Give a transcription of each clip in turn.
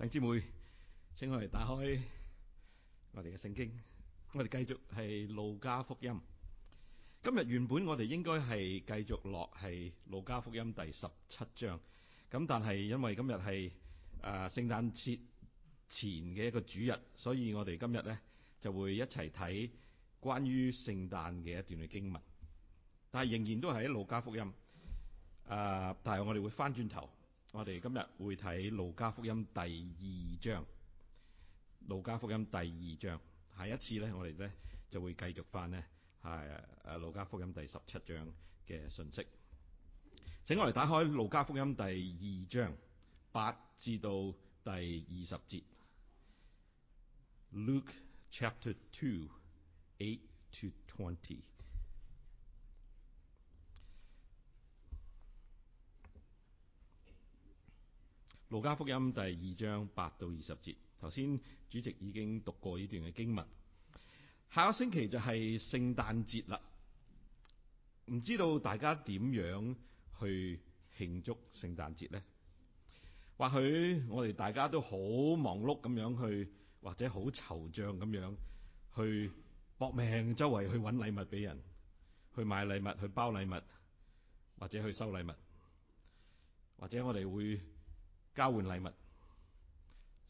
弟兄姊妹，請我哋打開我哋嘅聖經，我哋繼續係路加福音。今日原本我哋應該係繼續落係路加福音第十七章，咁但係因為今日係誒聖誕節前嘅一個主日，所以我哋今日咧就會一齊睇關於聖誕嘅一段嘅經文，但係仍然都係喺路加福音。誒，但係我哋會翻轉頭。我哋今日會睇路加福音第二章。路加福音第二章，下一次咧，我哋咧就會繼續返咧係誒路加福音第十七章嘅信息。請我哋打開路加福音第二章八至到第二十節。Luke Chapter Two, Eight to Twenty。路加福音第二章八到二十節，頭先主席已經讀過呢段嘅經文。下個星期就係聖誕節啦，唔知道大家點樣去慶祝聖誕節呢？或許我哋大家都好忙碌咁樣去，或者好惆悵咁樣去搏命周圍去搵禮物俾人，去買禮物、去包禮物，或者去收禮物，或者我哋會。交換禮物。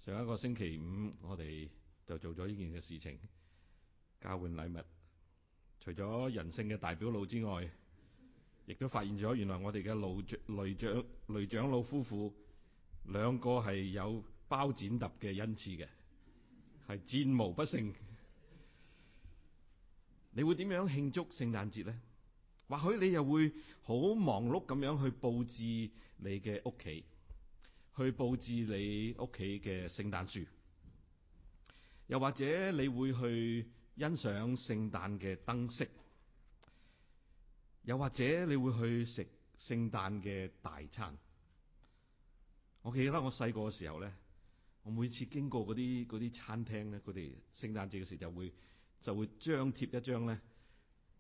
上一個星期五，我哋就做咗呢件嘅事情。交換禮物，除咗人性嘅大表露之外，亦都發現咗原來我哋嘅老長、雷長、雷長老夫婦兩個係有包剪揼嘅恩賜嘅，係戰無不勝。你會點樣慶祝聖誕節呢？或許你又會好忙碌咁樣去佈置你嘅屋企。去布置你屋企嘅聖誕樹，又或者你會去欣賞聖誕嘅燈飾，又或者你會去食聖誕嘅大餐。我記得我細個嘅時候咧，我每次經過嗰啲嗰啲餐廳咧，佢哋聖誕節嘅時就會就會張貼貼一張咧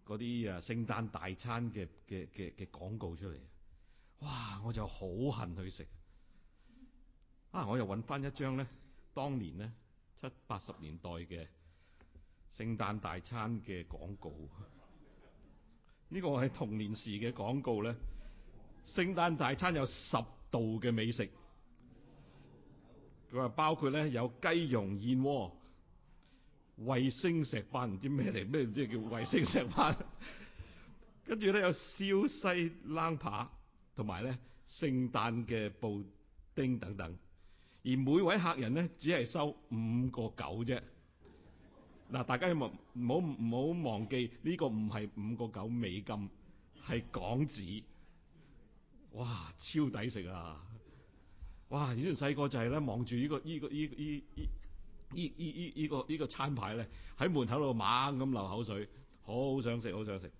嗰啲啊聖誕大餐嘅嘅嘅嘅廣告出嚟。哇！我就好恨去食。啊！我又揾翻一張咧，當年咧七八十年代嘅聖誕大餐嘅廣告。呢個係童年時嘅廣告咧。聖誕大餐有十度嘅美食，佢話包括咧有雞茸燕窩、衛星石斑，唔知咩嚟，咩唔知叫衛星石斑。石斑 跟住咧有燒西冷扒，同埋咧聖誕嘅布丁等等。而每位客人咧，只係收五個九啫。嗱，大家唔好唔好唔好忘記呢、這個唔係五個九美金，係港紙。哇，超抵食啊！哇，以前細、這個就係咧望住呢個呢、這個呢呢呢呢呢呢呢個呢、這個這個餐牌咧，喺門口度猛咁流口水，好想食好想食。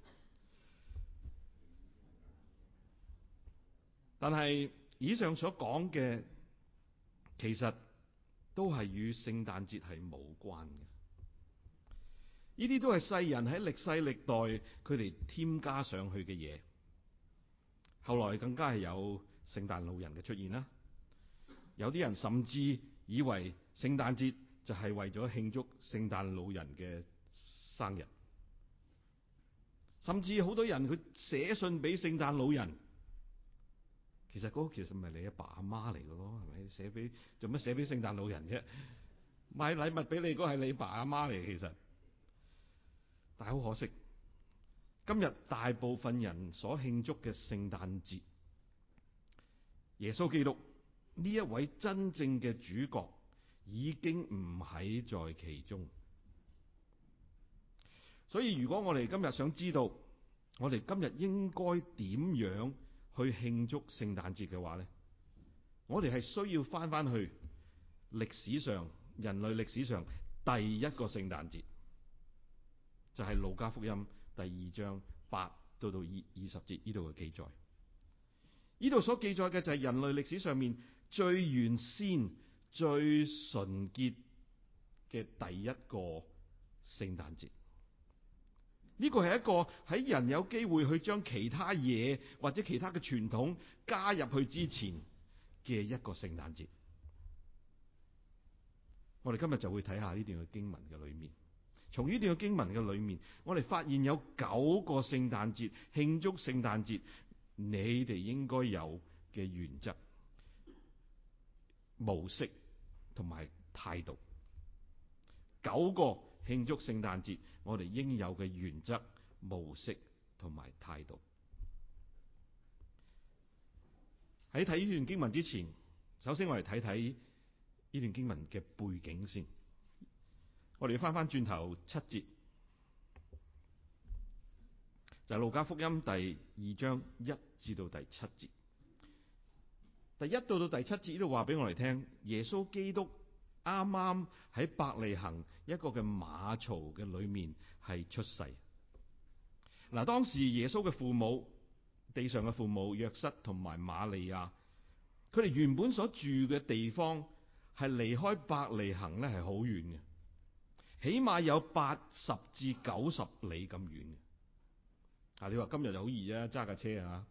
但係以上所講嘅。其實都係與聖誕節係無關嘅，呢啲都係世人喺歷世歷代佢哋添加上去嘅嘢。後來更加係有聖誕老人嘅出現啦，有啲人甚至以為聖誕節就係為咗慶祝聖誕老人嘅生日，甚至好多人佢寫信俾聖誕老人。其實嗰個其實唔係你阿爸阿媽嚟嘅咯，係咪？寫俾，做乜寫俾聖誕老人啫？買禮物俾你嗰個係你爸阿媽嚟嘅。其實，但係好可惜，今日大部分人所慶祝嘅聖誕節，耶穌基督呢一位真正嘅主角已經唔喺在其中。所以如果我哋今日想知道，我哋今日應該點樣？去慶祝聖誕節嘅話呢，我哋係需要返返去歷史上，人類歷史上第一個聖誕節，就係路加福音第二章八到到二二十節呢度嘅記載。呢度所記載嘅就係人類歷史上面最原先、最純潔嘅第一個聖誕節。呢個係一個喺人有機會去將其他嘢或者其他嘅傳統加入去之前嘅一個聖誕節。我哋今日就會睇下呢段嘅經文嘅裏面，從呢段嘅經文嘅裏面，我哋發現有九個聖誕節慶祝聖誕節，你哋應該有嘅原則、模式同埋態度。九個慶祝聖誕節。我哋應有嘅原則、模式同埋態度。喺睇呢段經文之前，首先我哋睇睇呢段經文嘅背景先。我哋要翻翻轉頭七節，就係路加福音第二章一至到第七節。第一到到第七節，呢度話俾我哋聽，耶穌基督。啱啱喺伯利恒一個嘅馬槽嘅裏面係出世。嗱，當時耶穌嘅父母，地上嘅父母約瑟同埋瑪利亞，佢哋原本所住嘅地方係離開伯利恒咧，係好遠嘅，起碼有八十至九十里咁遠嘅。啊，你話今日就好易啊，揸架車啊，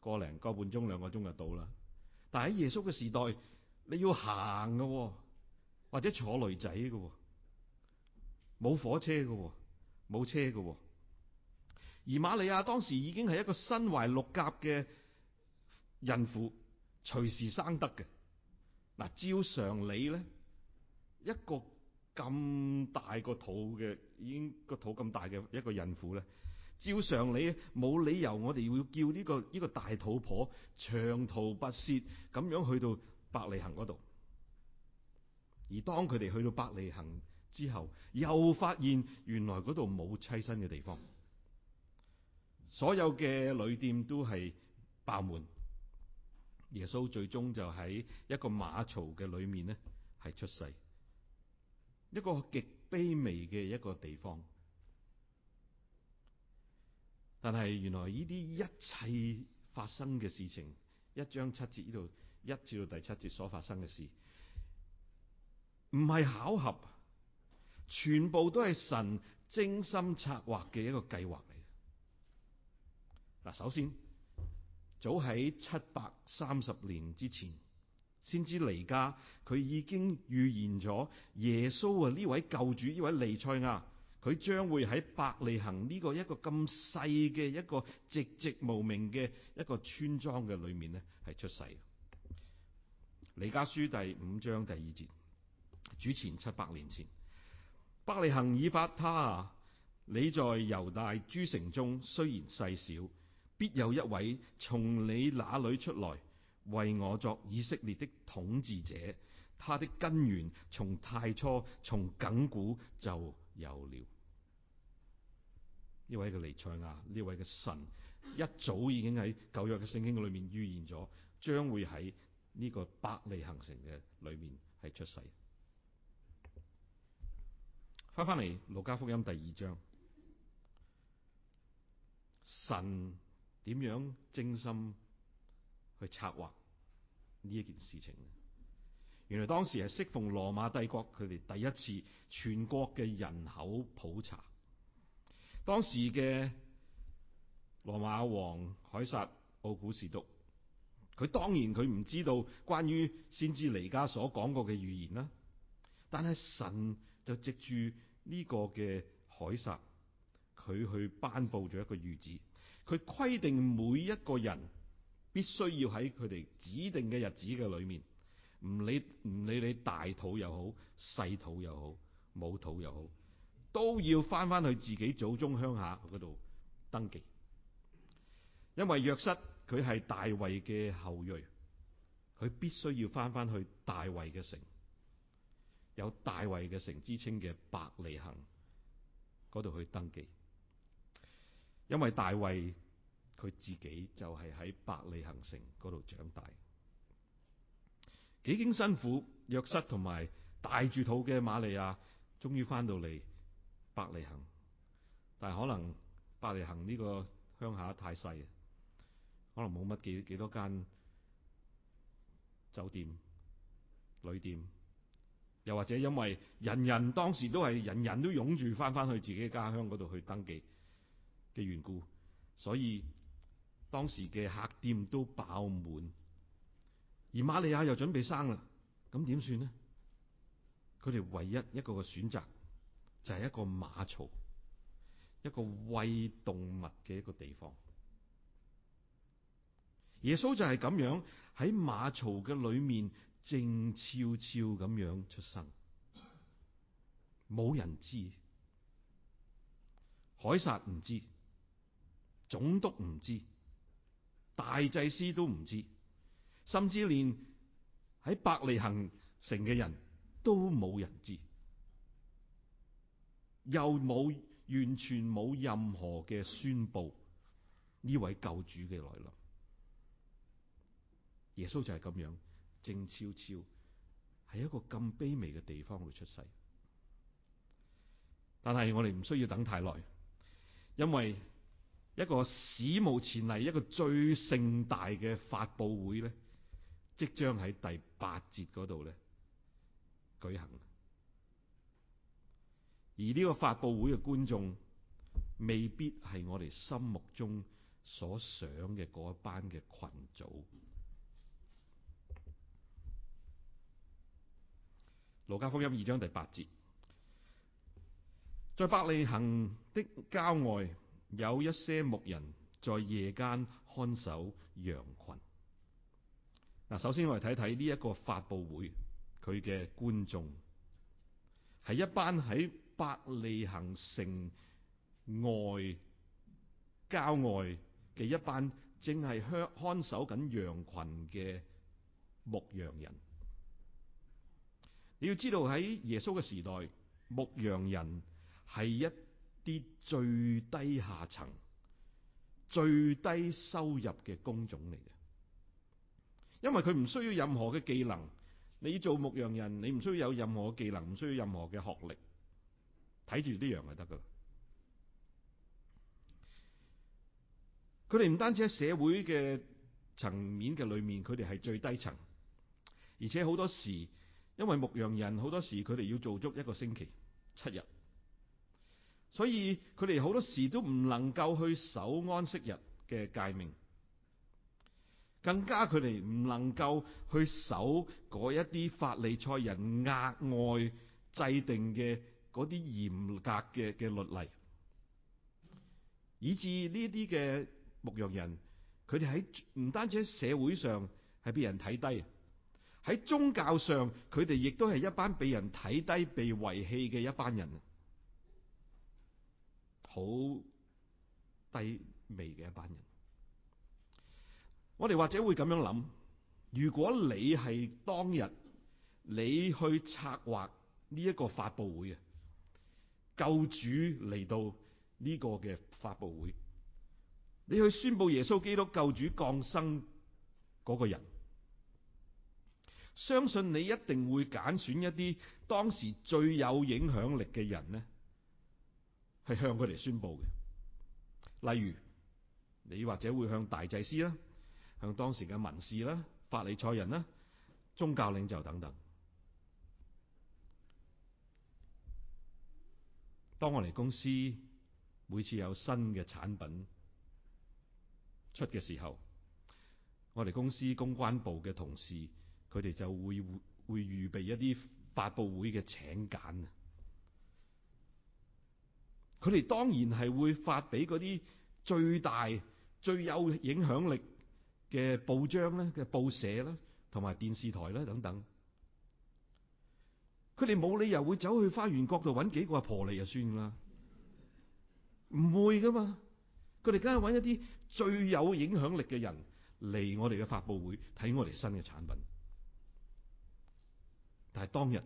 個零個半鐘、兩個鐘就到啦。但係喺耶穌嘅時代，你要行嘅、哦。或者坐驢仔嘅、哦，冇火車嘅、哦，冇車嘅、哦。而瑪利亞當時已經係一個身懷六甲嘅孕婦，隨時生得嘅。嗱，照常理咧，一個咁大個肚嘅，已經個肚咁大嘅一個孕婦咧，照常理冇理由我哋要叫呢、呢個呢、呢個大肚婆長途跋涉咁樣去到伯利恆嗰度。而當佢哋去到伯利恆之後，又發現原來嗰度冇棲身嘅地方，所有嘅旅店都係爆滿。耶穌最終就喺一個馬槽嘅裏面呢，係出世，一個極卑微嘅一個地方。但係原來呢啲一切發生嘅事情，一章七節呢度一至到第七節所發生嘅事，唔係巧合，全部都係神精心策劃嘅一個計劃嚟。嗱，首先早喺七百三十年之前，先知彌迦佢已經預言咗耶穌啊呢位救主呢位彌賽亞，佢將會喺伯利恆呢個一個咁細嘅一個寂寂無名嘅一個村莊嘅裏面咧係出世嘅。彌迦書第五章第二節。主前七百年前，伯利恆以法他啊，你在猶大諸城中雖然細小，必有一位從你那裏出來，為我作以色列的統治者。他的根源從太初、從亙古就有了。呢位嘅彌賽亞，呢位嘅神，一早已經喺舊約嘅聖經裏面預言咗，將會喺呢個伯利恆城嘅裏面係出世。翻翻嚟《路加福音》第二章，神點樣精心去策劃呢一件事情？原來當時係適逢羅馬帝國佢哋第一次全國嘅人口普查，當時嘅羅馬王凱撒奧古士督，佢當然佢唔知道關於先知尼加所講過嘅預言啦，但係神。就藉住呢個嘅凱撒，佢去頒布咗一個御旨，佢規定每一個人必須要喺佢哋指定嘅日子嘅裏面，唔理唔理你大肚又好，細肚又好，冇肚又好，都要翻翻去自己祖宗鄉下嗰度登記，因為約瑟佢係大衛嘅後裔，佢必須要翻翻去大衛嘅城。有大衛嘅城之稱嘅伯利恆嗰度去登記，因為大衛佢自己就係喺伯利恆城嗰度長大，幾經辛苦，約瑟同埋帶住肚嘅瑪利亞，終於翻到嚟伯利恆。但係可能伯利恆呢個鄉下太細，可能冇乜幾幾多間酒店旅店。又或者因為人人當時都係人人都湧住翻翻去自己嘅家鄉嗰度去登記嘅緣故，所以當時嘅客店都爆滿。而瑪利亞又準備生啦，咁點算呢？佢哋唯一一個嘅選擇就係一個馬槽，一個喂動物嘅一個地方。耶穌就係咁樣喺馬槽嘅裏面。靜悄悄咁樣出生，冇人知，凱撒唔知，總督唔知，大祭司都唔知，甚至連喺伯利恆城嘅人都冇人知，又冇完全冇任何嘅宣布呢位救主嘅來臨，耶穌就係咁樣。靜悄悄，係一個咁卑微嘅地方會出世，但係我哋唔需要等太耐，因為一個史無前例，一個最盛大嘅發佈會咧，即將喺第八節嗰度咧舉行。而呢個發佈會嘅觀眾，未必係我哋心目中所想嘅嗰一班嘅群組。路加福音二章第八節，在伯利恆的郊外，有一些牧人在夜間看守羊群。嗱，首先我哋睇睇呢一個發佈會，佢嘅觀眾係一班喺伯利恆城外郊外嘅一班正係看看守緊羊群嘅牧羊人。你要知道喺耶穌嘅時代，牧羊人係一啲最低下層、最低收入嘅工種嚟嘅，因為佢唔需要任何嘅技能。你做牧羊人，你唔需要有任何嘅技能，唔需要任何嘅學歷，睇住啲羊就得㗎喇。佢哋唔單止喺社會嘅層面嘅裏面，佢哋係最低層，而且好多時。因為牧羊人好多時佢哋要做足一個星期七日，所以佢哋好多時都唔能夠去守安息日嘅誡命，更加佢哋唔能夠去守嗰一啲法利賽人額外制定嘅嗰啲嚴格嘅嘅律例，以至呢啲嘅牧羊人佢哋喺唔單止喺社會上係俾人睇低，喺宗教上，佢哋亦都係一班俾人睇低、被遺棄嘅一班人，好低微嘅一班人。我哋或者會咁樣諗，如果你係當日你去策劃呢一個發佈會啊，救主嚟到呢個嘅發佈會，你去宣佈耶穌基督救主降生個人。相信你一定會揀選一啲當時最有影響力嘅人呢，係向佢哋宣布嘅。例如你或者會向大祭司，向當時嘅文士、法利賽人、宗教領袖等等。當我哋公司每次有新嘅產品出嘅時候，我哋公司公關部嘅同事佢哋就會會會預備一啲發佈會嘅請柬啊！佢哋當然係會發俾嗰啲最大最有影響力嘅報章咧嘅報社啦，同埋電視台啦等等。佢哋冇理由會走去花園角度揾幾個阿婆嚟就算啦，唔會㗎嘛！佢哋梗係揾一啲最有影響力嘅人嚟我哋嘅發佈會睇我哋新嘅產品。但係當日，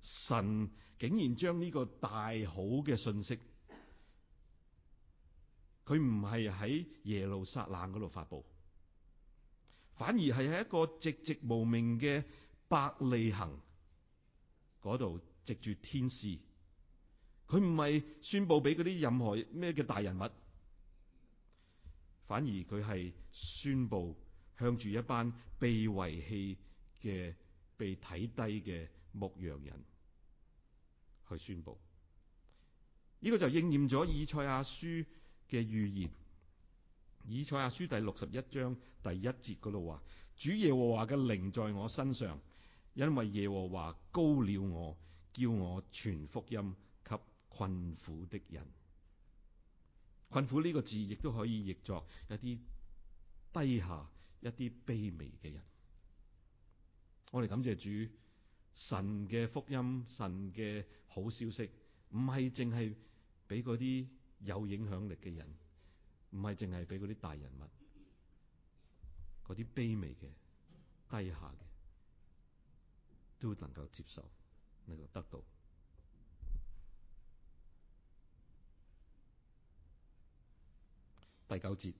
神竟然將呢個大好嘅信息，佢唔係喺耶路撒冷嗰度發佈，反而係喺一個寂寂無名嘅伯利恆嗰度藉住天使，佢唔係宣布俾嗰啲任何咩嘅大人物，反而佢係宣布向住一班被遺棄嘅。被睇低嘅牧羊人去宣布，呢、這個就應驗咗以賽亞書嘅預言。以賽亞書第六十一章第一節嗰度話：主耶和華嘅靈在我身上，因為耶和華高了我，叫我傳福音給困苦的人。困苦呢個字亦都可以譯作一啲低下、一啲卑微嘅人。我哋感謝主，神嘅福音，神嘅好消息，唔係淨係俾嗰啲有影響力嘅人，唔係淨係俾嗰啲大人物，嗰啲卑微嘅、低下嘅都能夠接受，能夠得到。第九節。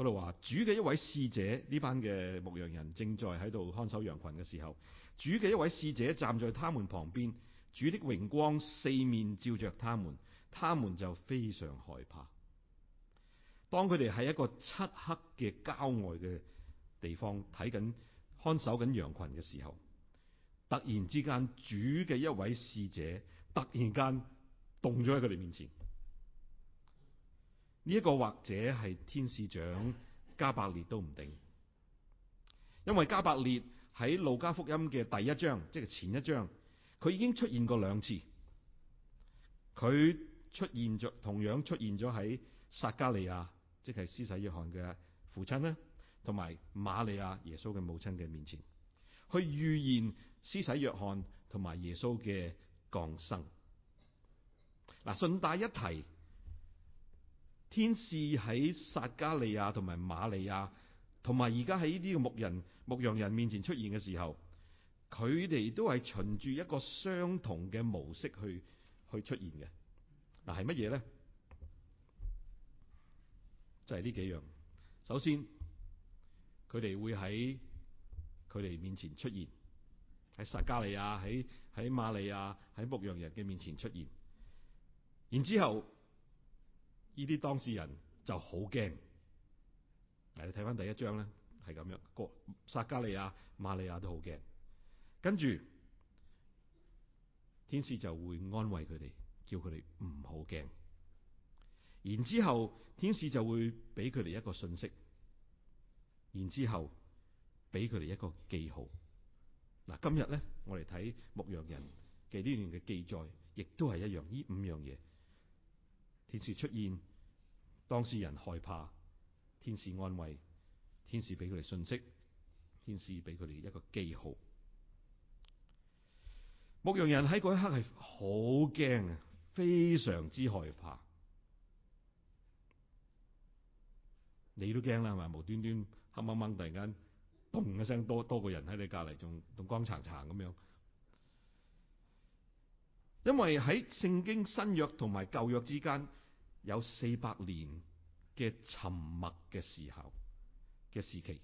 嗰度話，主嘅一位使者，呢班嘅牧羊人正在喺度看守羊群嘅時候，主嘅一位使者站在他們旁邊，主的榮光四面照着他們，他們就非常害怕。當佢哋喺一個漆黑嘅郊外嘅地方睇緊看守緊羊群嘅時候，突然之間，主嘅一位使者突然間動咗喺佢哋面前。呢一個或者係天使長加百列都唔定，因為加百列喺路加福音嘅第一章，即係前一章，佢已經出現過兩次。佢出現咗，同樣出現咗喺撒加利亞，即係施洗約翰嘅父親啦，同埋瑪利亞耶穌嘅母親嘅面前，去預言施洗約翰同埋耶穌嘅降生。嗱，順帶一提。天使喺撒加利亞同埋瑪利亞，同埋而家喺呢啲嘅牧人、牧羊人面前出現嘅時候，佢哋都係循住一個相同嘅模式去去出現嘅。嗱、啊，係乜嘢咧？就係、是、呢幾樣。首先，佢哋會喺佢哋面前出現，喺撒加利亞、喺喺瑪利亞、喺牧羊人嘅面前出現。然之後。呢啲當事人就好驚，嗱你睇翻第一章咧係咁樣，哥撒加利亞、瑪利亞都好驚，跟住天使就會安慰佢哋，叫佢哋唔好驚。然之後天使就會俾佢哋一個信息，然之後俾佢哋一個記號。嗱今日咧，我哋睇牧羊人嘅呢段嘅記載，亦都係一樣，呢五樣嘢。天使出現，當事人害怕，天使安慰，天使俾佢哋信息，天使俾佢哋一個記號。牧羊人喺嗰一刻係好驚啊，非常之害怕。你都驚啦，係咪？無端端黑掹掹，突然間咚一聲，多多個人喺你隔籬，仲仲光燦燦咁樣。因為喺聖經新約同埋舊約之間。有四百年嘅沉默嘅時候嘅時期，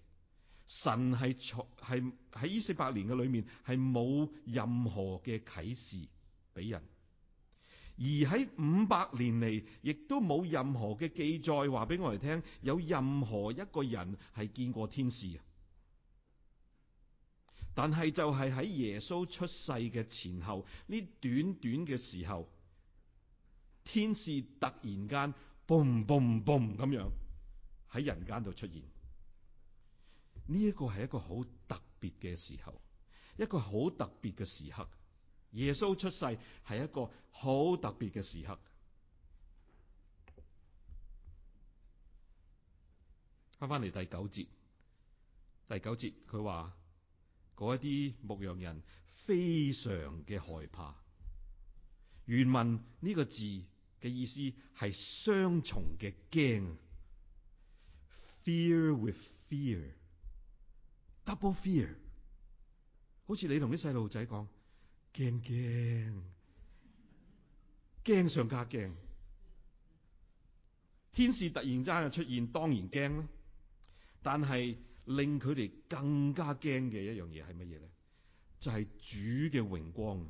神係係喺呢四百年嘅裏面係冇任何嘅啟示俾人，而喺五百年嚟，亦都冇任何嘅記載話俾我哋聽有任何一個人係見過天使啊！但係就係喺耶穌出世嘅前後呢短短嘅時候。天使突然間嘣嘣嘣 m b 咁樣喺人間度出現，呢一個係一個好特別嘅時候，一個好特別嘅時刻。耶穌出世係一個好特別嘅時刻。翻翻嚟第九節，第九節佢話嗰一啲牧羊人非常嘅害怕。原文呢個字。嘅意思係雙重嘅驚 fear with fear，double fear, Double fear. 好。好似你同啲細路仔講，驚驚驚上加驚，天使突然之間出現當然驚啦。但係令佢哋更加驚嘅一樣嘢係乜嘢咧？就係、是、主嘅榮光。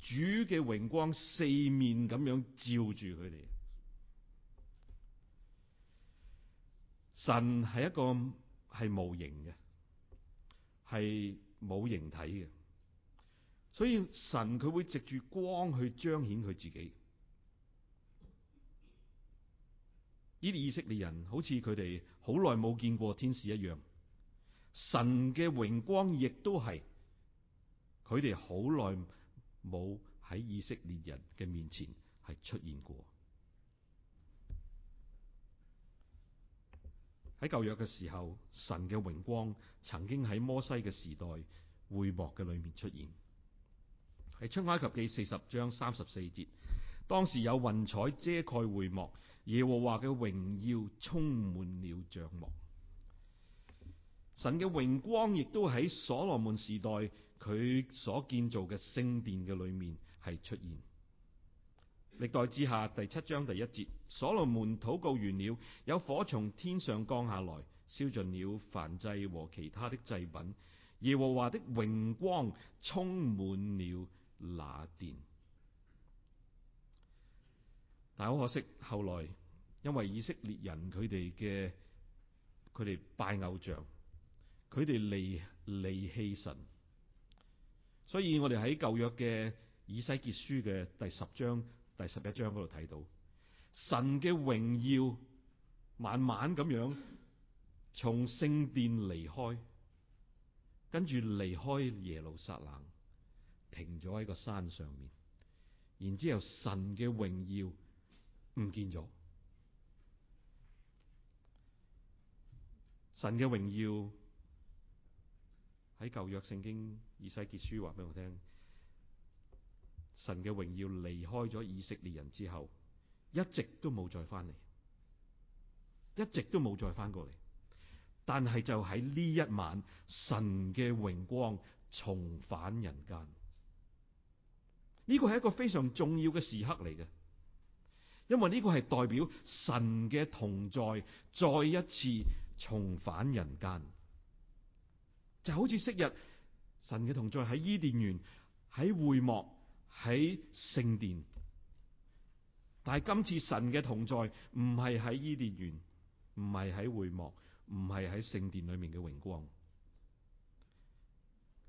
主嘅榮光四面咁樣照住佢哋。神係一個係無形嘅，係冇形體嘅，所以神佢會藉住光去彰顯佢自己。呢啲以色列人好似佢哋好耐冇見過天使一樣，神嘅榮光亦都係佢哋好耐。冇喺以色列人嘅面前係出現過。喺舊約嘅時候，神嘅榮光曾經喺摩西嘅時代會幕嘅裏面出現。喺出埃及記四十章三十四節，當時有雲彩遮蓋會幕，耶和華嘅榮耀充滿了帳幕。神嘅榮光亦都喺所羅門時代佢所建造嘅聖殿嘅裏面係出現歷代志下第七章第一節。所羅門禱告完了，有火從天上降下來，燒盡了燔祭和其他的祭品。耶和華的榮光充滿了那殿。但好可惜，後來因為以色列人佢哋嘅，佢哋拜偶像，佢哋離離棄神。所以我哋喺舊約嘅以西結書嘅第十章第十一章嗰度睇到，神嘅榮耀慢慢咁樣從聖殿離開，跟住離開耶路撒冷，停咗喺個山上面，然之後神嘅榮耀唔見咗，神嘅榮耀。喺舊約聖經以西結書話俾我聽，神嘅榮耀離開咗以色列人之後，一直都冇再翻嚟，一直都冇再翻過嚟。但係就喺呢一晚，神嘅榮光重返人間。呢個係一個非常重要嘅時刻嚟嘅，因為呢個係代表神嘅同在再一次重返人間。就好似昔日神嘅同在喺伊甸園、喺會幕、喺聖殿，但係今次神嘅同在唔係喺伊甸園，唔係喺會幕，唔係喺聖殿裏面嘅榮光。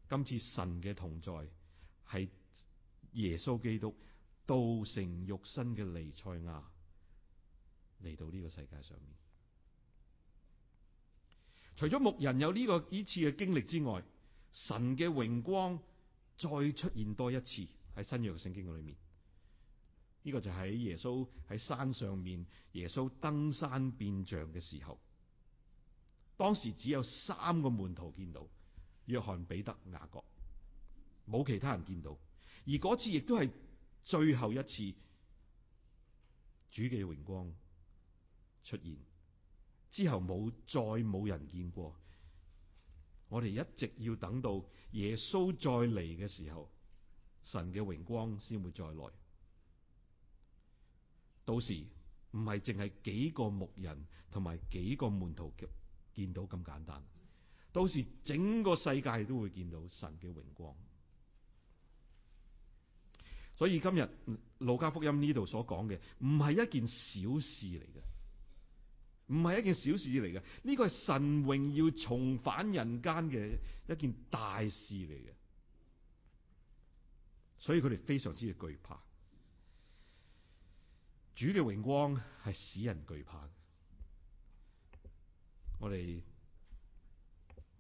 今次神嘅同在係耶穌基督道成肉身嘅彌賽亞嚟到呢個世界上面。除咗牧人有呢個呢次嘅經歷之外，神嘅榮光再出現多一次喺新約聖經裏面。呢、這個就喺耶穌喺山上面，耶穌登山變像嘅時候，當時只有三個門徒見到，約翰、彼得、雅各，冇其他人見到。而嗰次亦都係最後一次主嘅榮光出現。之後冇再冇人見過，我哋一直要等到耶穌再嚟嘅時候，神嘅榮光先會再來。到時唔係淨係幾個牧人同埋幾個門徒見到咁簡單，到時整個世界都會見到神嘅榮光。所以今日《路加福音》呢度所講嘅，唔係一件小事嚟嘅。唔係一件小事嚟嘅。呢個係神榮耀重返人間嘅一件大事嚟嘅，所以佢哋非常之懼怕。主嘅榮光係使人懼怕。我哋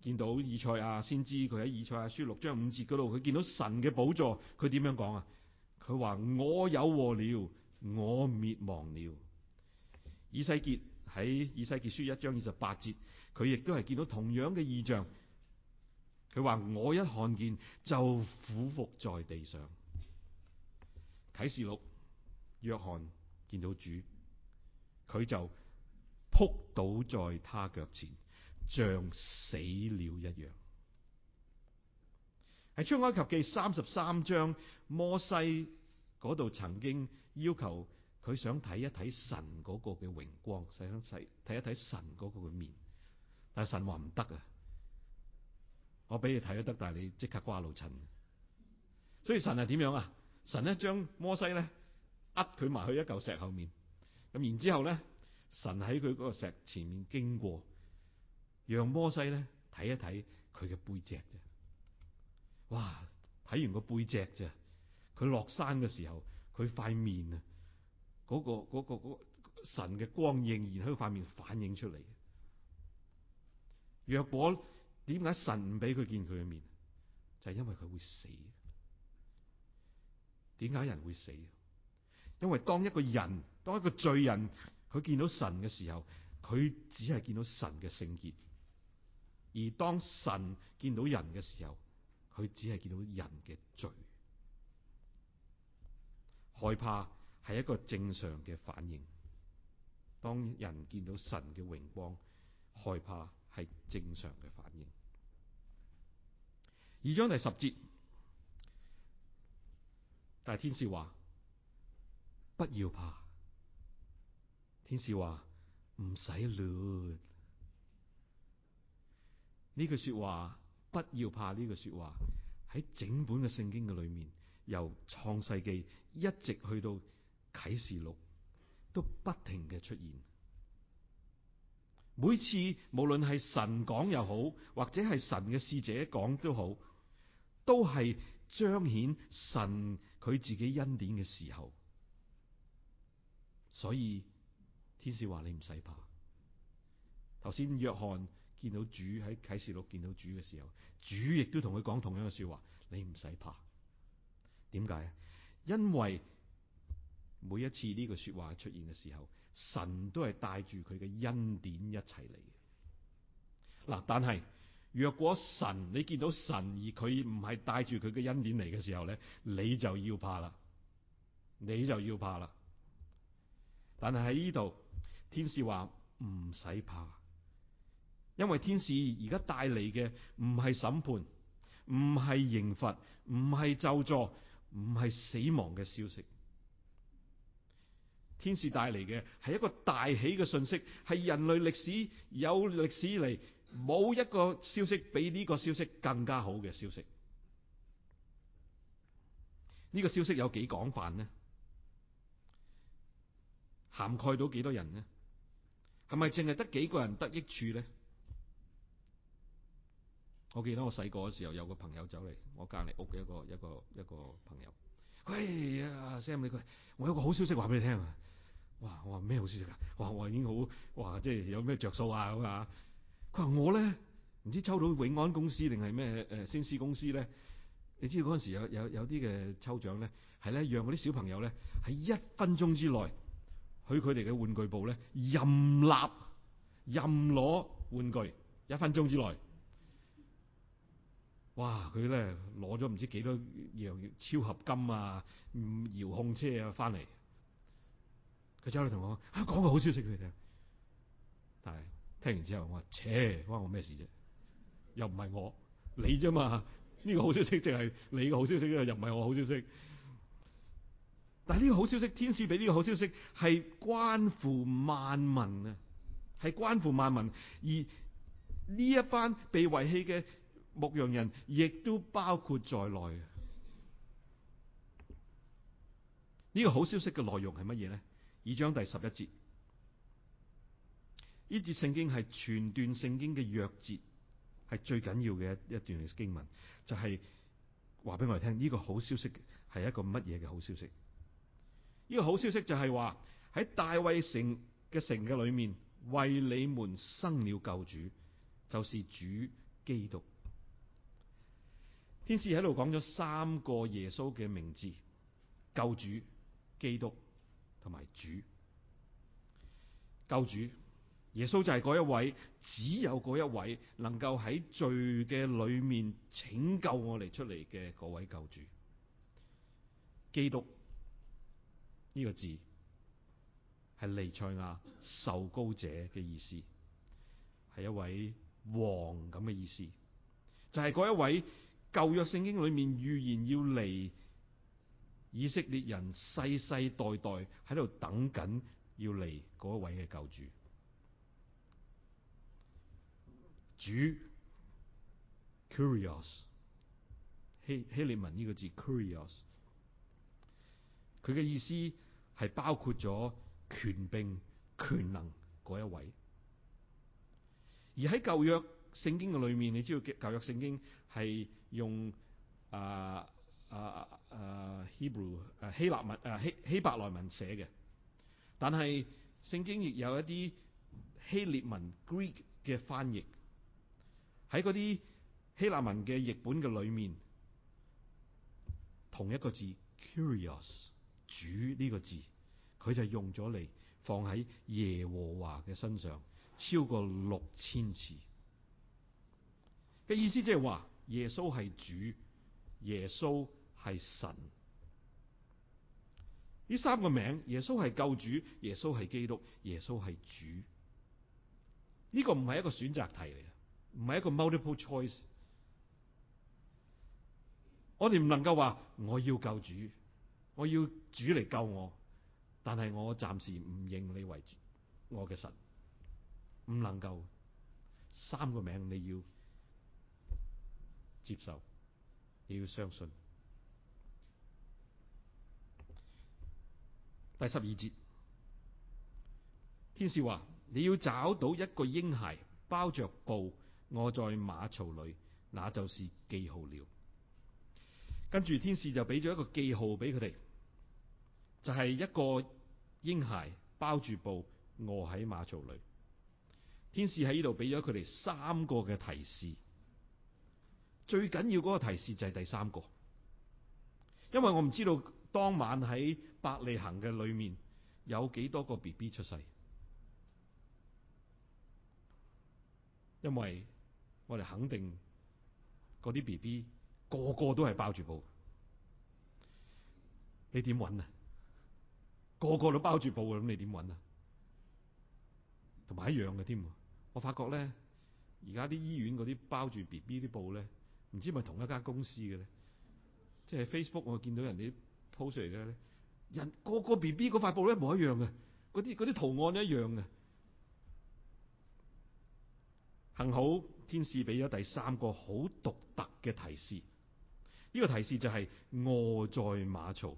見到以賽亞先知佢喺以賽亞書六章五節嗰度，佢見到神嘅寶座，佢點樣講啊？佢話，我有禍了，我滅亡了。以西結。喺以西結書一章二十八節，佢亦都係見到同樣嘅異象。佢話，我一看見就俯伏在地上。啟示錄，約翰見到主，佢就撲倒在他腳前，像死了一樣。喺出埃及記三十三章，摩西嗰度曾經要求。佢想睇一睇神嗰個嘅榮光，想睇睇一睇神嗰個嘅面，但係神話唔得啊！我俾你睇都得，但係你即刻瓜老襯。所以神係點樣啊？神咧將摩西咧呃佢埋去一嚿石後面，咁然之後咧，神喺佢嗰個石前面經過，讓摩西咧睇一睇佢嘅背脊啫。哇！睇完個背脊啫，佢落山嘅時候，佢塊面啊！嗰、那個嗰、那個那個、神嘅光仍然喺佢塊面反映出嚟。若果點解神唔俾佢見佢嘅面，就係、是、因為佢會死。點解人會死？因為當一個人當一個罪人，佢見到神嘅時候，佢只係見到神嘅聖潔；而當神見到人嘅時候，佢只係見到人嘅罪，害怕。係一個正常嘅反應。當人見到神嘅榮光，害怕係正常嘅反應。二章第十節，但係天使話：不要怕。天使話：唔使亂。呢句說話，不要怕。呢句說話喺整本嘅聖經嘅裏面，由創世記一直去到。啟示錄都不停嘅出現，每次無論係神講又好，或者係神嘅使者講都好，都係彰顯神佢自己恩典嘅時候。所以天使話你唔使怕。頭先約翰見到主喺啟示錄見到主嘅時候，主亦都同佢講同樣嘅說話，你唔使怕。點解？因為每一次呢個說話出現嘅時候，神都係帶住佢嘅恩典一齊嚟嘅。嗱，但係若果神你見到神而佢唔係帶住佢嘅恩典嚟嘅時候咧，你就要怕啦，你就要怕啦。但係喺呢度，天使話唔使怕，因為天使而家帶嚟嘅唔係審判，唔係刑罰，唔係咒詛，唔係死亡嘅消息。天使帶嚟嘅係一個大喜嘅信息，係人類歷史有歷史嚟，冇一個消息比呢個消息更加好嘅消息。呢個消息有幾廣泛呢？涵蓋到幾多人呢？係咪淨係得幾個人得益處呢？我記得我細個嗰時候有個朋友走嚟，我隔離屋嘅一個一個一個朋友，喂，哎呀 Sam 你佢，我有個好消息話俾你聽啊！哇！我話咩好消息噶！哇！我話已經好，哇！即係有咩着數啊咁啊！佢、啊、話我咧唔知抽到永安公司定係咩誒，先施、呃、公司咧？你知道嗰陣時有有有啲嘅抽獎咧，係咧讓嗰啲小朋友咧喺一分鐘之內去佢哋嘅玩具部咧，任立任攞玩具，一分鐘之內。哇！佢咧攞咗唔知幾多樣超合金啊，遙控車啊，翻嚟。佢走嚟同我講，講、啊、個好消息俾你聽，但係聽完之後我話，切，關我咩事啫？又唔係我你啫嘛？呢、這個好消息淨係你個好消息，又唔係我好消息。但係呢個好消息，天使俾呢個好消息係關乎萬民啊，係關乎萬民，而呢一班被遺棄嘅牧羊人，亦都包括在內。呢、這個好消息嘅內容係乜嘢咧？二章第十一節，呢節聖經係全段聖經嘅弱節，係最緊要嘅一一段經文，就係話俾我哋聽呢個好消息係一個乜嘢嘅好消息？呢、這個好消息就係話喺大衛城嘅城嘅裏面為你們生了救主，就是主基督。天使喺度講咗三個耶穌嘅名字，救主基督。埋主救主，耶穌就係嗰一位，只有嗰一位能夠喺罪嘅裏面拯救我哋出嚟嘅嗰位救主。基督呢、這個字係尼賽亞受膏者嘅意思，係一位王咁嘅意思，就係、是、嗰一位舊約聖經裏面預言要嚟。以色列人世世代代喺度等緊，要嚟嗰一位嘅救主，主。主 （curios，希希利文呢個字 curios） 佢嘅意思係包括咗權柄、權能嗰一位。而喺舊約聖經嘅裏面，你知道舊約聖經係用啊。呃啊啊啊，希布啊希臘文啊希希伯來文寫嘅，uh，但係聖經亦有一啲希列文 Greek 嘅翻譯，喺啲希臘文嘅譯本嘅裏面，同一個字 curious，主呢個字，佢就用咗嚟，放喺耶和華嘅身上，超過六千次嘅意思即係話耶穌係主，耶穌，係神，呢三個名，耶穌係救主，耶穌係基督，耶穌係主。呢個唔係一個選擇題嚟嘅，唔係一個 multiple choice。我哋唔能夠話我要救主，我要主嚟救我，但係我暫時唔認你為主我嘅神。唔能夠，三個名你要接受，你要相信。第十二節，天使話：你要找到一個嬰孩包着布卧在馬槽裏，那就是記號了。跟住天使就俾咗一個記號俾佢哋，就係、是、一個嬰孩包住布卧喺馬槽裏。天使喺呢度俾咗佢哋三個嘅提示，最緊要嗰個提示就係第三個，因為我唔知道當晚喺。百里行嘅裏面有幾多個 B B 出世？因為我哋肯定嗰啲 B B 個個都係包住布，你點搵啊？個個都包住布嘅，咁你點搵啊？同埋一樣嘅添，我發覺咧，而家啲醫院嗰啲包住 B B 啲布咧，唔知係咪同一間公司嘅咧？即係 Facebook 我見到人哋 post 嚟嘅咧。人個個 B B 嗰塊布都一模一樣嘅，嗰啲嗰啲圖案一樣嘅。幸好天使俾咗第三個好獨特嘅提示，呢、這個提示就係、是、臥在馬槽，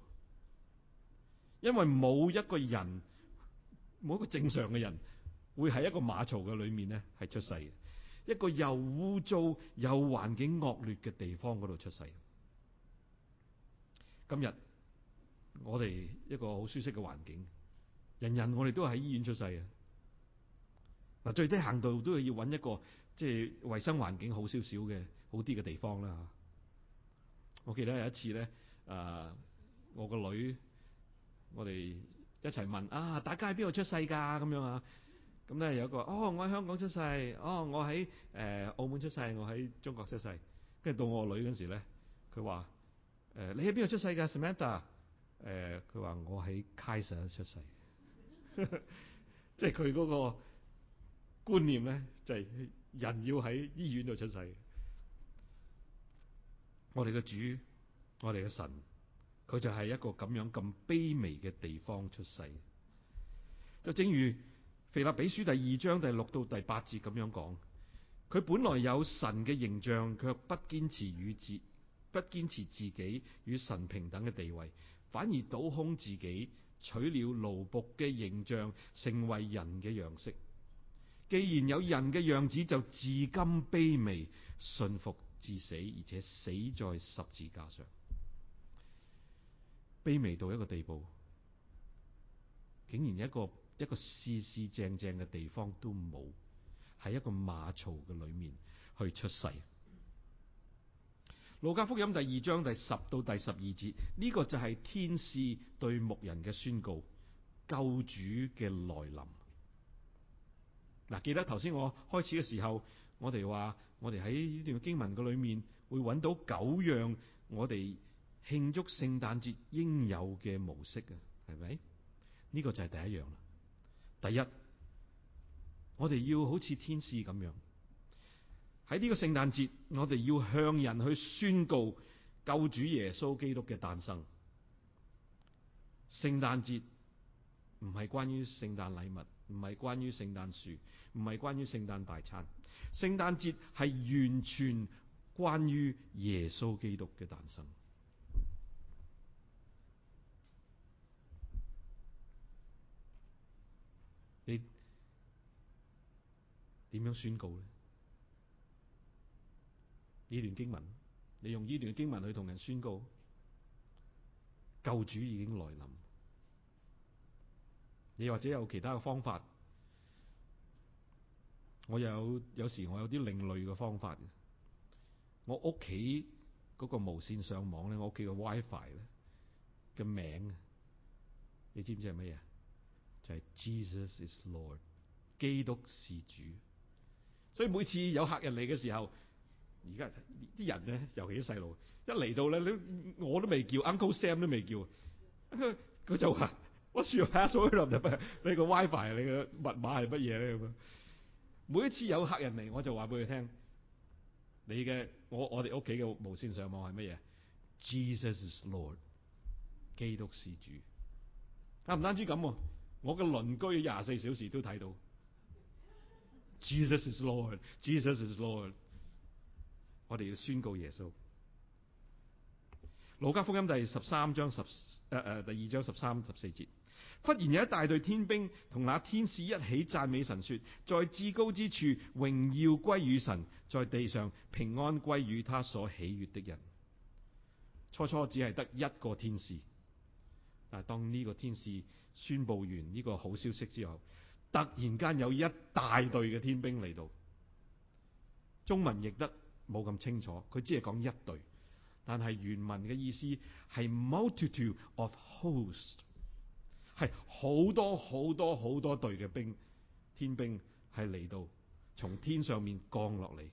因為冇一個人冇一個正常嘅人會喺一個馬槽嘅裏面咧係出世嘅，一個又污糟又環境惡劣嘅地方嗰度出世。今日。我哋一個好舒適嘅環境，人人我哋都係喺醫院出世嘅。嗱，最低限度都要揾一個即係衞生環境好少少嘅好啲嘅地方啦。我記得有一次咧，誒我個女，我哋一齊問啊，大家喺邊度出世㗎咁樣啊？咁、嗯、咧有一個哦，我喺香港出世，哦，我喺誒、哦呃、澳門出世，我喺中國出世。跟住到我個女嗰時咧，佢話誒你喺邊度出世㗎，Samantha？誒，佢話、呃、我喺街上出世， 即係佢嗰個觀念咧，就係、是、人要喺醫院度出世。我哋嘅主，我哋嘅神，佢就係一個咁樣咁卑微嘅地方出世。就正如腓立比書第二章第六到第八節咁樣講，佢本來有神嘅形象，卻不堅持與自不堅持自己與神平等嘅地位。反而倒空自己，取了奴僕嘅形象，成為人嘅樣式。既然有人嘅樣子，就自己卑微，順服至死，而且死在十字架上。卑微到一個地步，竟然一個一個四四正正嘅地方都冇，喺一個馬槽嘅裏面去出世。路加福音第二章第十到第十二節，呢、這個就係天使對牧人嘅宣告，救主嘅來臨。嗱，記得頭先我開始嘅時候，我哋話我哋喺呢段經文嘅裏面會揾到九樣我哋慶祝聖誕節應有嘅模式啊，係咪？呢、這個就係第一樣啦。第一，我哋要好似天使咁樣。喺呢個聖誕節，我哋要向人去宣告救主耶穌基督嘅誕生。聖誕節唔係關於聖誕禮物，唔係關於聖誕樹，唔係關於聖誕大餐。聖誕節係完全關於耶穌基督嘅誕生。你點樣宣告呢？呢段經文，你用呢段經文去同人宣告，救主已經來臨。你或者有其他嘅方法，我有，有時我有啲另類嘅方法。我屋企嗰個無綫上網咧，我屋企嘅 WiFi 咧嘅名，你知唔知係乜嘢？就係 Jesus is Lord，基督是主。所以每次有客人嚟嘅時候。而家啲人咧，尤其啲細路一嚟到咧，你我都未叫 Uncle Sam 都未叫，佢就話：我試下掃開入去， 你個 WiFi 你嘅密碼係乜嘢咧咁樣！每一次有客人嚟，我就話俾佢聽：你嘅我我哋屋企嘅無線上網係乜嘢？Jesus is Lord，基督是主。啊，唔單止咁，我嘅鄰居廿四小時都睇到 Jesus is Lord，Jesus is Lord。我哋要宣告耶穌《路加福音》第十三章十，誒誒、呃、第二章十三十四節，忽然有一大隊天兵同那天使一起讚美神，說：在至高之處榮耀歸與神，在地上平安歸與他所喜悅的人。初初只係得一個天使，但係當呢個天使宣布完呢個好消息之後，突然間有一大隊嘅天兵嚟到。中文譯得冇咁清楚，佢只係講一隊，但係原文嘅意思係 multitude of host，係好多好多好多隊嘅兵，天兵係嚟到，從天上面降落嚟，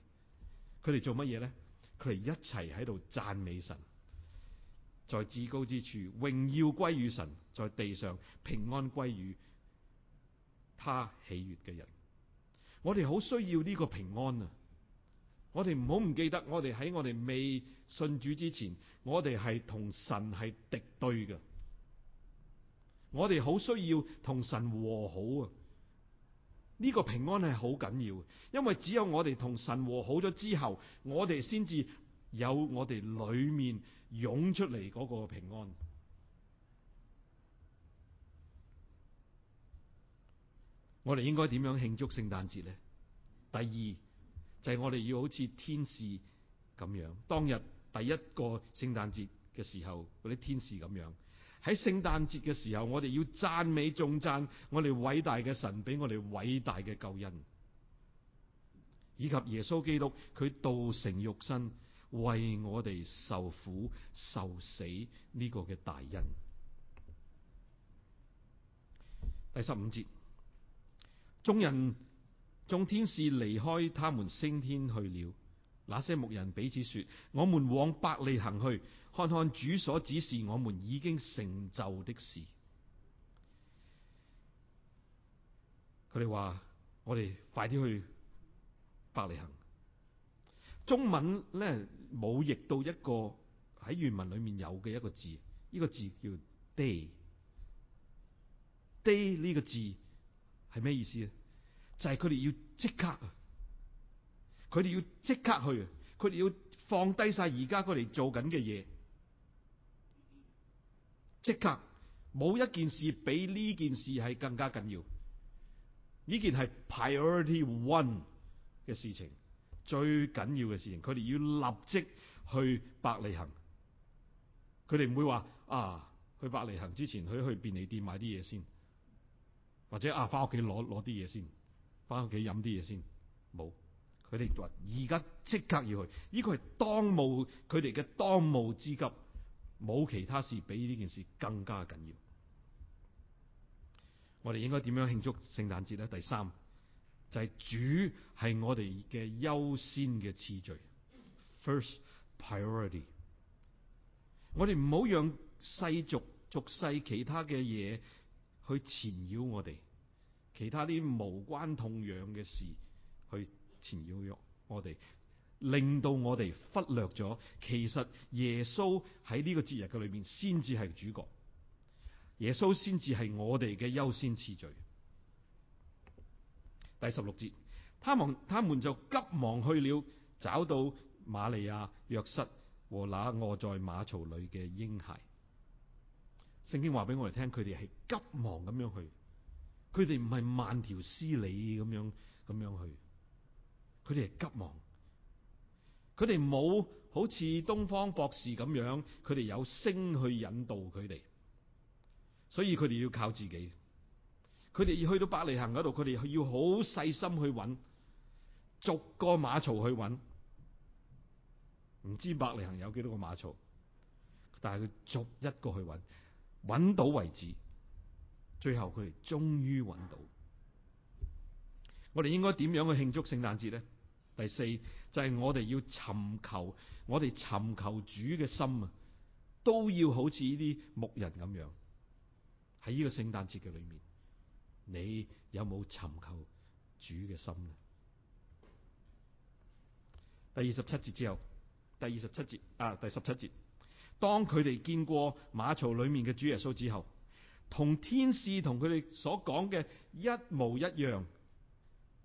佢哋做乜嘢咧？佢哋一齊喺度讚美神，在至高之處，榮耀歸於神，在地上平安歸於他喜悅嘅人。我哋好需要呢個平安啊！我哋唔好唔記得，我哋喺我哋未信主之前，我哋係同神係敵對嘅。我哋好需要同神和好啊！呢個平安係好緊要，因為只有我哋同神和好咗之後，我哋先至有我哋裏面湧出嚟嗰個平安。我哋應該點樣慶祝聖誕節咧？第二。就係我哋要好似天使咁樣，當日第一個聖誕節嘅時候，嗰啲天使咁樣，喺聖誕節嘅時候，我哋要讚美頌讚我哋偉大嘅神，俾我哋偉大嘅救恩，以及耶穌基督佢道成肉身為我哋受苦受死呢個嘅大恩。第十五節，眾人。眾天使離開他們升天去了。那些牧人彼此說：我們往伯利恆去，看看主所指示我們已經成就的事。佢哋話：我哋快啲去伯利恆。中文咧冇譯到一個喺原文裏面有嘅一個字，呢、這個字叫 day。day 呢個字係咩意思啊？就係佢哋要即刻啊！佢哋要即刻去，佢哋要放低晒而家佢哋做緊嘅嘢，即刻冇一件事比呢件事係更加緊要。呢件係 priority one 嘅事情，最緊要嘅事情，佢哋要立即去伯利恆。佢哋唔會話啊，去伯利恆之前去去便利店買啲嘢先，或者啊返屋企攞攞啲嘢先。翻屋企飲啲嘢先，冇。佢哋話而家即刻要去，呢個係當務佢哋嘅當務之急，冇其他事比呢件事更加緊要。我哋應該點樣慶祝聖誕節咧？第三就係主係我哋嘅優先嘅次序，first priority。我哋唔好讓世俗俗世、其他嘅嘢去纏繞我哋。其他啲無關痛癢嘅事去纏繞我哋，令到我哋忽略咗。其實耶穌喺呢個節日嘅裏邊，先至係主角。耶穌先至係我哋嘅優先次序。第十六節，他們，他們就急忙去了，找到瑪利亞、約瑟和那臥在馬槽裏嘅嬰孩。聖經話俾我哋聽，佢哋係急忙咁樣去。佢哋唔係慢條斯理咁樣咁樣去，佢哋係急忙。佢哋冇好似東方博士咁樣，佢哋有星去引導佢哋，所以佢哋要靠自己。佢哋要去到伯利恆嗰度，佢哋要好細心去揾，逐個馬槽去揾。唔知伯利恆有幾多個馬槽，但係佢逐一個去揾，揾到為止。最後佢哋終於揾到。我哋應該點樣去慶祝聖誕節咧？第四就係、是，我哋要尋求，我哋尋求主嘅心啊，都要好似呢啲牧人咁樣喺呢個聖誕節嘅裏面。你有冇尋求主嘅心咧？第二十七節之後，第二十七節啊，第十七節，當佢哋見過馬槽裏面嘅主耶穌之後。同天使同佢哋所講嘅一模一樣，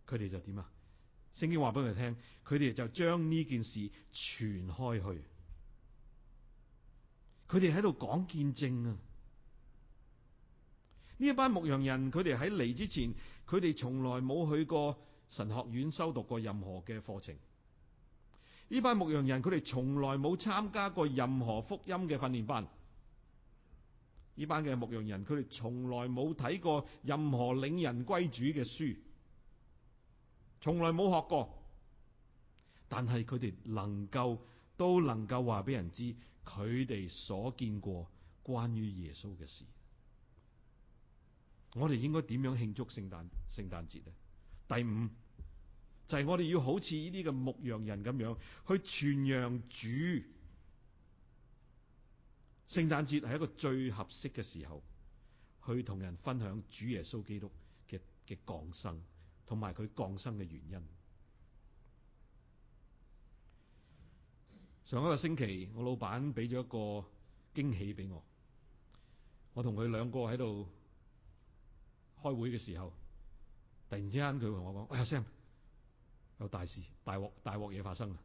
佢哋就點啊？聖經話俾佢哋聽，佢哋就將呢件事傳開去。佢哋喺度講見證啊！呢一班牧羊人，佢哋喺嚟之前，佢哋從來冇去過神學院修讀過任何嘅課程。呢班牧羊人，佢哋從來冇參加過任何福音嘅訓練班。呢班嘅牧羊人，佢哋從來冇睇過任何領人歸主嘅書，從來冇學過，但係佢哋能夠都能夠話俾人知佢哋所見過關於耶穌嘅事。我哋應該點樣慶祝聖誕聖誕節咧？第五就係我哋要好似呢啲嘅牧羊人咁樣去傳揚主。聖誕節係一個最合適嘅時候，去同人分享主耶穌基督嘅嘅降生，同埋佢降生嘅原因。上一個星期，我老闆俾咗一個驚喜俾我，我同佢兩個喺度開會嘅時候，突然之間佢同我講：哎呀 Sam，有大事、大鑊、大鑊嘢發生啊！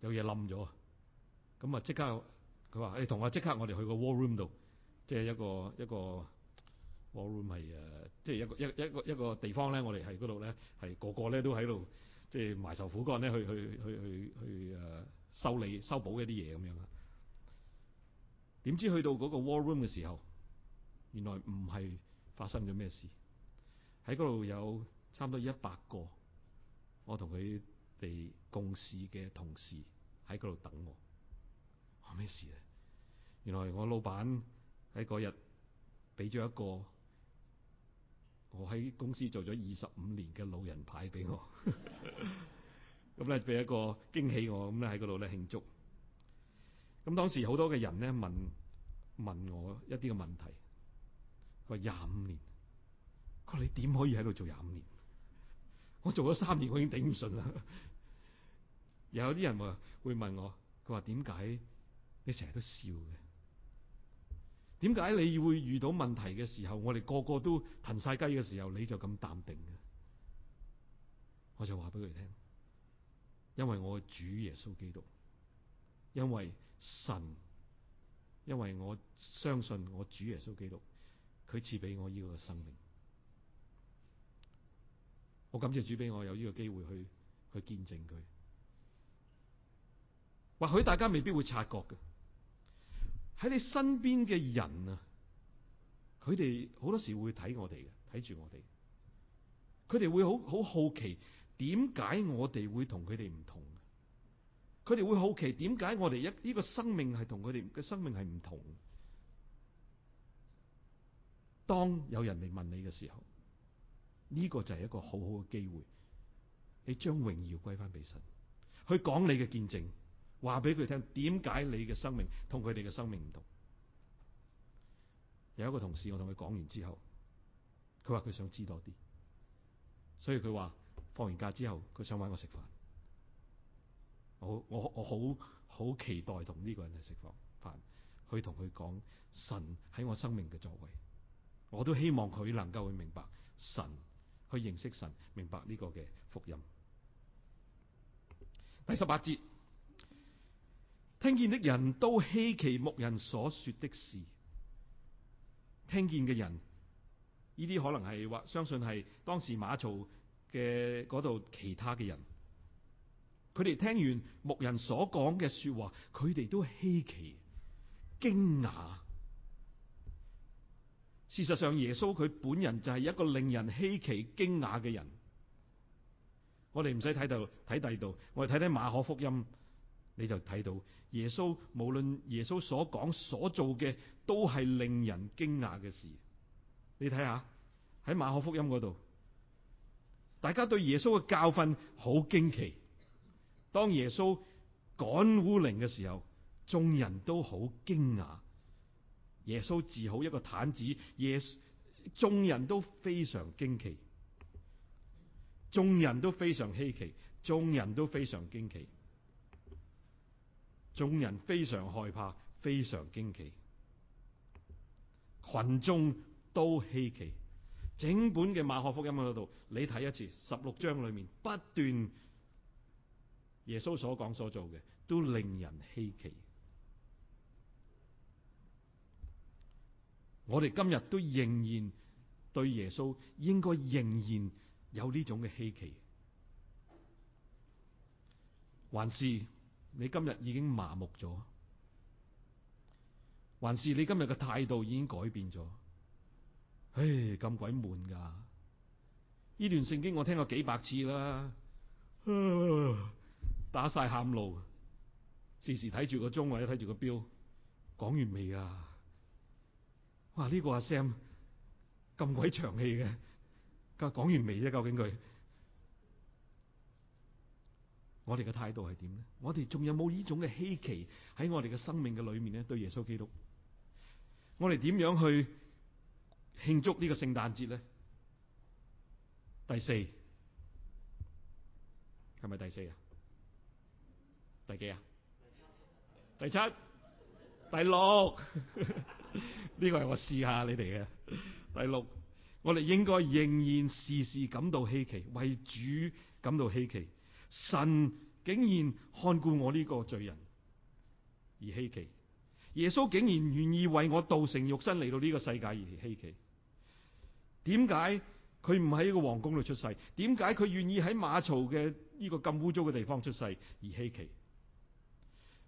有嘢冧咗啊！咁啊，即刻。佢話，誒，同我即刻我哋去個 war room 度，即係一個一個 war room 係誒，即係一個一一個一個地方咧。我哋係度咧，係個個咧都喺度，即係埋受苦嗰陣咧，去去去去去誒修理修補一啲嘢咁樣啊。點知去到個 war room 嘅時候，原來唔係發生咗咩事，喺度有差唔多一百個我同佢哋共事嘅同事喺度等我。咩事咧、啊？原來我老闆喺嗰日俾咗一個我喺公司做咗二十五年嘅老人牌俾我，咁咧俾一個驚喜我，咁咧喺嗰度咧慶祝。咁當時好多嘅人咧問問我一啲嘅問題，佢話廿五年，佢話你點可以喺度做廿五年？我做咗三年，我已經頂唔順啦。有啲人話會問我，佢話點解？你成日都笑嘅，點解你會遇到問題嘅時候，我哋個個都騰晒雞嘅時候，你就咁淡定嘅？我就話俾佢聽，因為我主耶穌基督，因為神，因為我相信我主耶穌基督，佢賜俾我呢個生命，我感謝主俾我有呢個機會去去見證佢。或許大家未必會察覺嘅。喺你身邊嘅人啊，佢哋好多時會睇我哋嘅，睇住我哋。佢哋會好好好奇點解我哋會同佢哋唔同。佢哋會好奇點解我哋一呢個生命係同佢哋嘅生命係唔同。當有人嚟問你嘅時候，呢個就係一個好好嘅機會，你將榮耀歸翻俾神，去講你嘅見證。話俾佢聽點解你嘅生命同佢哋嘅生命唔同？有一個同事，我同佢講完之後，佢話佢想知多啲，所以佢話放完假之後，佢想搵我食飯。我我我，我好好期待同呢個人去食飯，去同佢講神喺我生命嘅座位。我都希望佢能夠去明白神，去認識神，明白呢個嘅福音。第十八節。聽見的人都稀奇牧人所說的事。聽見嘅人，呢啲可能係話，相信係當時馬槽嘅嗰度其他嘅人。佢哋聽完牧人所講嘅說話，佢哋都稀奇、驚訝。事實上，耶穌佢本人就係一個令人稀奇驚訝嘅人。我哋唔使睇度睇第二度，我哋睇睇馬可福音。你就睇到耶穌，無論耶穌所講所做嘅都係令人驚訝嘅事。你睇下喺馬可福音嗰度，大家對耶穌嘅教訓好驚奇。當耶穌趕污靈嘅時候，眾人都好驚訝。耶穌治好一個癱子，耶穌，眾人都非常驚奇，眾人都非常稀奇，眾人都非常驚奇。眾人非常害怕，非常驚奇，群眾都稀奇。整本嘅馬可福音喺度，你睇一次，十六章裏面不斷耶穌所講所做嘅，都令人稀奇。我哋今日都仍然對耶穌應該仍然有呢種嘅稀奇，還是？你今日已經麻木咗，還是你今日嘅態度已經改變咗？唉，咁鬼悶㗎！呢段聖經我聽過幾百次啦，啊，打晒喊路，時時睇住個鐘或者睇住個表，講完未啊？哇！呢、這個阿 Sam 咁鬼長氣嘅，㗎，講完未啫？究竟佢？我哋嘅態度係點咧？我哋仲有冇呢種嘅稀奇喺我哋嘅生命嘅裏面咧？對耶穌基督，我哋點樣去慶祝呢個聖誕節咧？第四，係咪第四啊？第幾啊？第七、第六呢 個係我試下你哋嘅第六。我哋應該仍然時時感到稀奇，為主感到稀奇。神竟然看顧我呢個罪人而稀奇，耶穌竟然願意為我道成肉身嚟到呢個世界而稀奇。點解佢唔喺呢個皇宮度出世？點解佢願意喺馬槽嘅呢個咁污糟嘅地方出世而稀奇？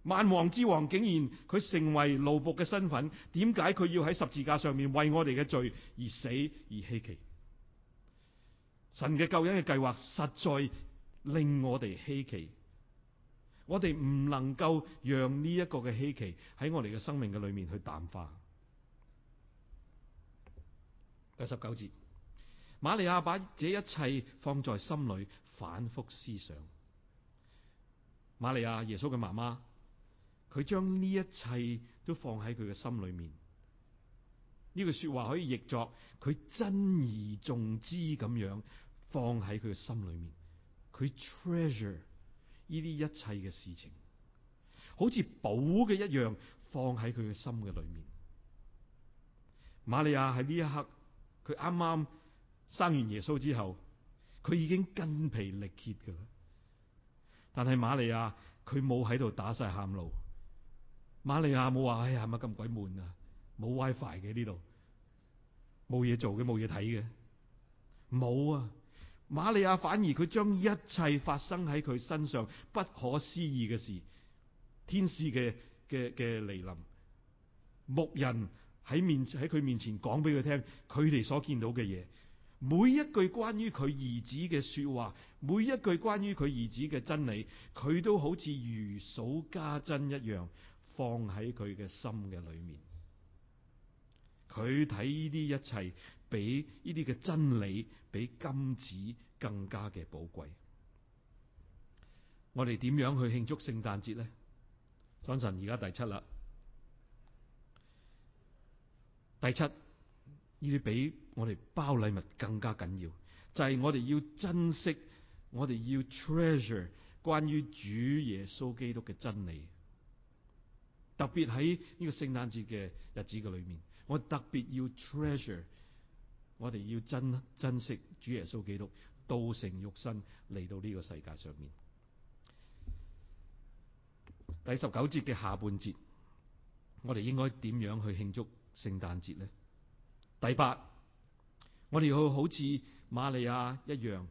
萬王之王竟然佢成為奴僕嘅身份，點解佢要喺十字架上面為我哋嘅罪而死而稀奇？神嘅救恩嘅計劃實在。令我哋稀奇，我哋唔能夠讓呢一個嘅稀奇喺我哋嘅生命嘅裏面去淡化。第十九節，瑪利亞把這一切放在心裏，反覆思想。瑪利亞，耶穌嘅媽媽，佢將呢一切都放喺佢嘅心裏面。呢句說話可以譯作佢珍而重之咁樣放喺佢嘅心裏面。佢 treasure 呢啲一切嘅事情，好似寶嘅一樣放喺佢嘅心嘅裏面。瑪利亞喺呢一刻，佢啱啱生完耶穌之後，佢已經筋疲力竭㗎啦。但係瑪利亞佢冇喺度打晒喊露，瑪利亞冇話哎呀，係咪咁鬼悶啊？冇 wifi 嘅呢度，冇嘢做嘅，冇嘢睇嘅，冇啊。瑪利亞反而佢將一切發生喺佢身上不可思議嘅事，天使嘅嘅嘅來臨，牧人喺面喺佢面前講俾佢聽，佢哋所見到嘅嘢，每一句關於佢兒子嘅說話，每一句關於佢兒子嘅真理，佢都好似如數家珍一樣放喺佢嘅心嘅裏面，佢睇呢啲一切。比呢啲嘅真理比金子更加嘅寶貴。我哋點樣去慶祝聖誕節咧？張晨，而家第七啦，第七呢啲比我哋包禮物更加緊要，就係、是、我哋要珍惜，我哋要 treasure 關於主耶穌基督嘅真理，特別喺呢個聖誕節嘅日子嘅裏面，我特別要 treasure。我哋要珍珍惜主耶穌基督道成肉身嚟到呢個世界上面。第十九節嘅下半節，我哋應該點樣去慶祝聖誕節呢？第八，我哋要好似瑪利亞一樣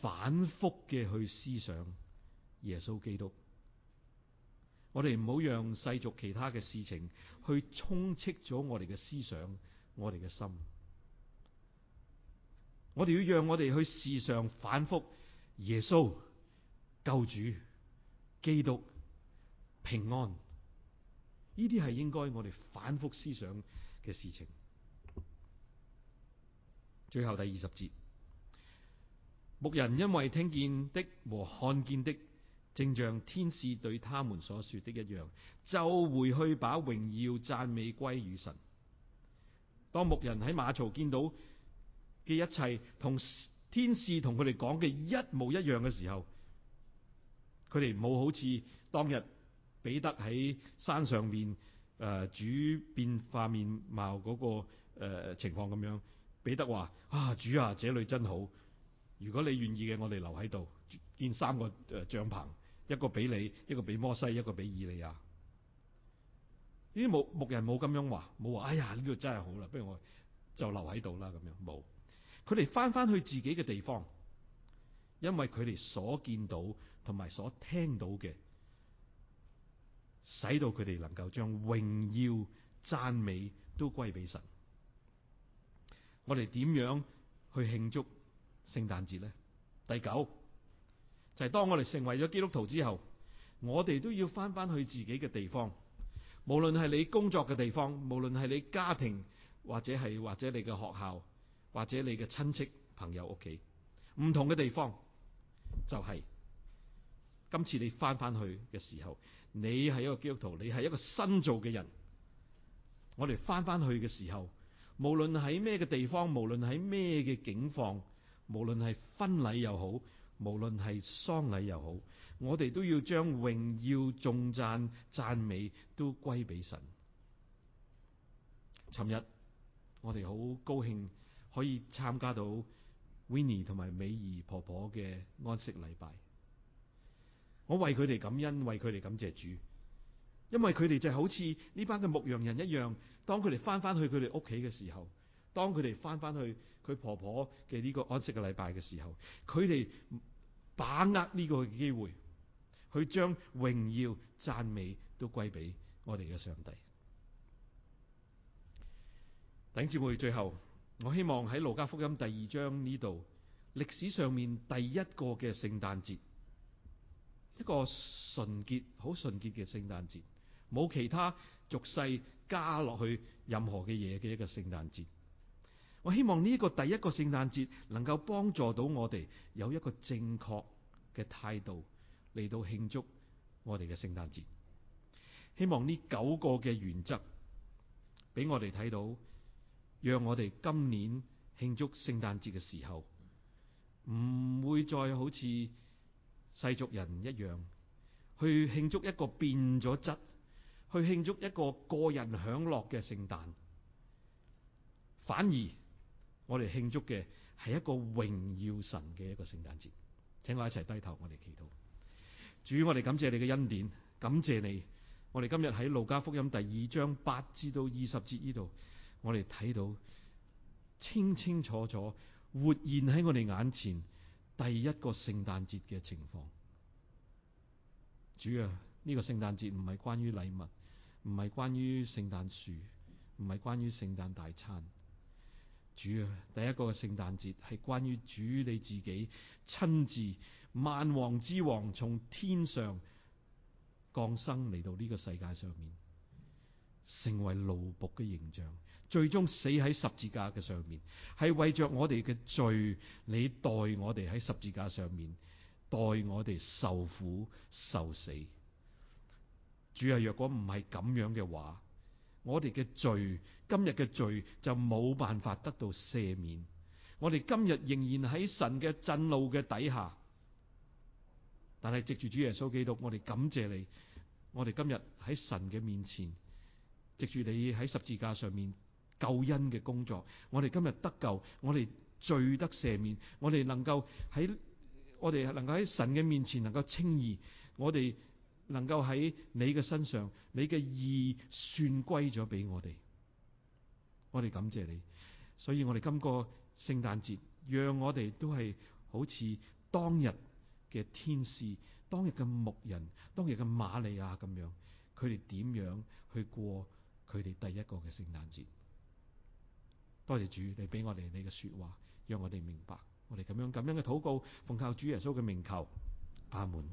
反復嘅去思想耶穌基督。我哋唔好讓世俗其他嘅事情去充斥咗我哋嘅思想，我哋嘅心。我哋要讓我哋去時上反復，耶穌救主、基督平安，呢啲係應該我哋反復思想嘅事情。最後第二十節，牧人因為聽見的和看見的，正像天使對他們所說的一樣，就回去把榮耀讚美歸與神。當牧人喺馬槽見到嘅一切同天使同佢哋講嘅一模一樣嘅時候，佢哋冇好似當日彼得喺山上面誒、呃、主變化面貌嗰、那個誒、呃、情況咁樣。彼得話：啊主啊，這裏真好，如果你願意嘅，我哋留喺度，建三個誒帳篷，一個俾你，一個俾摩西，一個俾以利亞。呢啲牧牧人冇咁樣話，冇話：哎呀呢度真係好啦，不如我就留喺度啦咁樣，冇。佢哋翻翻去自己嘅地方，因為佢哋所見到同埋所聽到嘅，使到佢哋能夠將榮耀讚美都歸俾神。我哋點樣去慶祝聖誕節呢？第九就係當我哋成為咗基督徒之後，我哋都要翻翻去自己嘅地方，無論係你工作嘅地方，無論係你家庭或者係或者你嘅學校。或者你嘅親戚朋友屋企唔同嘅地方，就係、是、今次你翻翻去嘅時候，你係一個基督徒，你係一個新造嘅人。我哋翻翻去嘅時候，無論喺咩嘅地方，無論喺咩嘅境況，無論係婚禮又好，無論係喪禮又好，我哋都要將榮耀、重讚、讚美都歸俾神。尋日我哋好高興，可以參加到 Winnie 同埋美怡婆婆嘅安息禮拜，我為佢哋感恩，為佢哋感謝主，因為佢哋就好似呢班嘅牧羊人一樣，當佢哋翻翻去佢哋屋企嘅時候，當佢哋翻翻去佢婆婆嘅呢個安息嘅禮拜嘅時候，佢哋把握呢個機會，去將榮耀讚美都歸俾我哋嘅上帝。頂住會最後。我希望喺路加福音第二章呢度，歷史上面第一個嘅聖誕節，一個純潔、好純潔嘅聖誕節，冇其他俗世加落去任何嘅嘢嘅一個聖誕節。我希望呢一個第一個聖誕節，能夠幫助到我哋有一個正確嘅態度嚟到慶祝我哋嘅聖誕節。希望呢九個嘅原則，俾我哋睇到。讓我哋今年慶祝聖誕節嘅時候，唔會再好似世俗人一樣去慶祝一個變咗質、去慶祝一個個人享樂嘅聖誕，反而我哋慶祝嘅係一個榮耀神嘅一個聖誕節。請我一齊低頭，我哋祈禱。主，我哋感謝你嘅恩典，感謝你。我哋今日喺路加福音第二章八至到二十節呢度。我哋睇到清清楚楚，活現喺我哋眼前第一個聖誕節嘅情況。主啊，呢個聖誕節唔係關於禮物，唔係關於聖誕樹，唔係關於聖誕大餐。主啊，第一個嘅聖誕節係關於主你自己親自萬王之王從天上降生嚟，到呢個世界上面，成為奴僕嘅形象。最終死喺十字架嘅上面，係為着我哋嘅罪，你代我哋喺十字架上面，代我哋受苦受死。主啊，若果唔係咁樣嘅話，我哋嘅罪，今日嘅罪就冇辦法得到赦免。我哋今日仍然喺神嘅震怒嘅底下，但係藉住主耶穌基督，我哋感謝你，我哋今日喺神嘅面前，藉住你喺十字架上面。救恩嘅工作，我哋今日得救，我哋罪得赦免，我哋能夠喺我哋能夠喺神嘅面前能夠稱義，我哋能夠喺你嘅身上，你嘅義算歸咗俾我哋。我哋感謝你，所以我哋今個聖誕節，讓我哋都係好似當日嘅天使、當日嘅牧人、當日嘅瑪利亞咁樣，佢哋點樣去過佢哋第一個嘅聖誕節？多謝主，你俾我哋你嘅說話，讓我哋明白，我哋咁樣咁樣嘅禱告，奉靠主耶穌嘅名求，阿門。